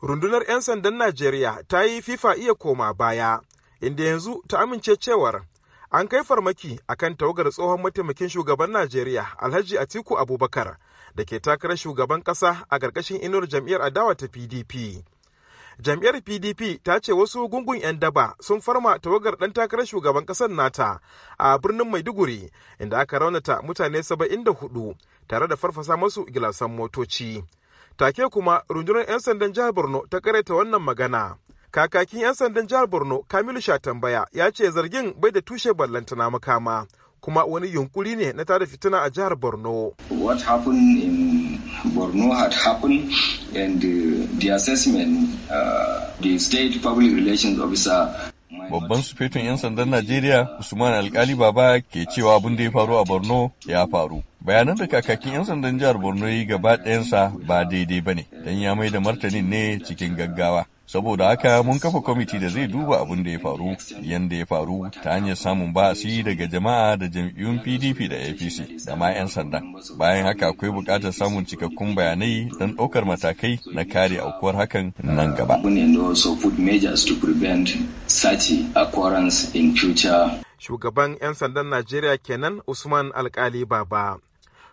Rundunar 'yan sandan Najeriya ta yi FIFA iya koma baya, inda yanzu ta amince cewar an kai farmaki a kan tawagar tsohon mataimakin shugaban Najeriya Alhaji Atiku Abubakar da ke takarar shugaban ƙasa a ƙarƙashin inuwar jam'iyyar adawa ta PDP. Jam'iyyar PDP ta ce wasu gungun 'yan daba sun farma tawagar ɗan takarar shugaban ƙasar nata a birnin Maiduguri inda aka raunata mutane 74 tare da farfasa masu gilasan motoci. Take kuma rundunar 'yan sandan jihar Borno ta karaita wannan magana. Kakakin 'yan sandan jihar Borno Kamilu Shatambaya ya ce zargin bai da tushe ballantana makama kuma wani yunkuri ne na tada fitina a jihar Borno. What happened in Borno had happened and the, assessment uh, the state public relations officer babban sufetun 'yan sandan Najeriya Usman Alkali Baba ke cewa abin da ya faru a Borno ya faru. Bayanan da kakakin 'yan sandan jihar Borno yi gaba ɗayansa ba daidai ba ne, don ya mai da martanin ne cikin gaggawa. saboda haka mun kafa kwamiti da zai duba abin da ya faru yadda ya faru ta hanyar samun ba'asi daga jama'a da jam'iyyun pdp da apc da ma 'yan sanda bayan haka akwai bukatar samun cikakkun bayanai don ɗaukar matakai na kare aukuwar hakan nan gaba shugaban 'yan sandan najeriya kenan usman alkali baba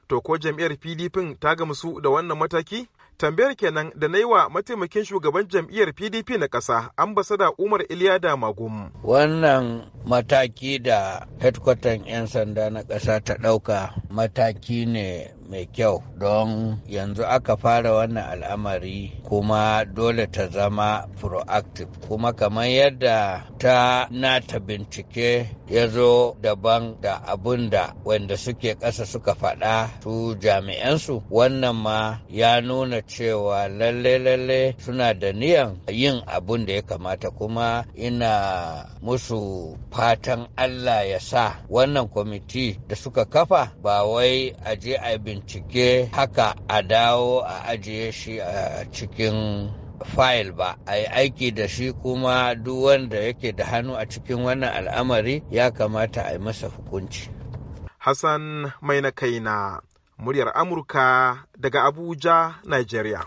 to ko jam'iyyar pdp ta gamsu da wannan mataki Tambayar kenan da na yi wa mataimakin shugaban jam'iyyar PDP na ƙasa, ambasada Umar Iliya Magum. Wannan mataki da headquarter 'yan sanda na ƙasa ta ɗauka mataki ne mai kyau don yanzu aka fara wannan al'amari kuma dole ta zama proactive kuma kamar yadda ta nata bincike ya zo daban da abun da wanda suke ƙasa suka faɗa su jami'ansu wannan ma ya nuna cewa lalle-lalle suna da niyan yin abun da ya kamata kuma ina musu fatan Allah ya sa wannan kwamiti da suka kafa ba wai a je a bincike haka a dawo a ajiye shi a cikin fayil ba a yi aiki da shi kuma duk wanda yake da hannu a cikin wannan al'amari ya kamata a yi masa hukunci. Hassan mai na kaina muryar Amurka daga Abuja, Nigeria.